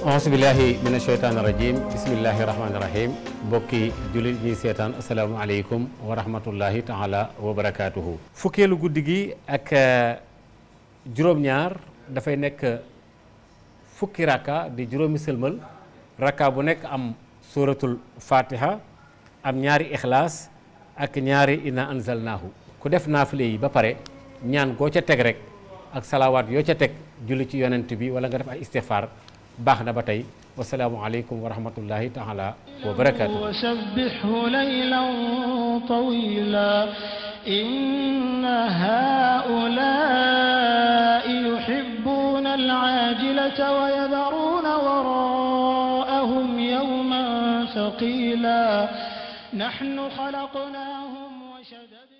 aasbillahi min asheytaan irajim bismillahi rahmanirahim bokki jullit ñuy seetaan asalaamualeykum wa rahmatullahi taala wa barakaatuhu fukkeelu guddi gi ak eh, juróom-ñaar dafay nekk fukki rakka di juróomi sëlmal rakka bu nekk am suratul fatiha am ñaari ixlaas ak ñaari ina anzalnaahu ku def naafile yi ba pare ñaan goo ca teg rek ak salaawaat yoo ca teg julli ci yonent bi wala nga def ay istixfaar baax na ba tey wasalaamu aleykum wa rahmatullahi taala wa barakaatu wasabbihu laylan tawila inna haulai yuhibbuna alajilata wa yadharuna waraahum yawman thaqila nahnu khalaqnahum wa shadadna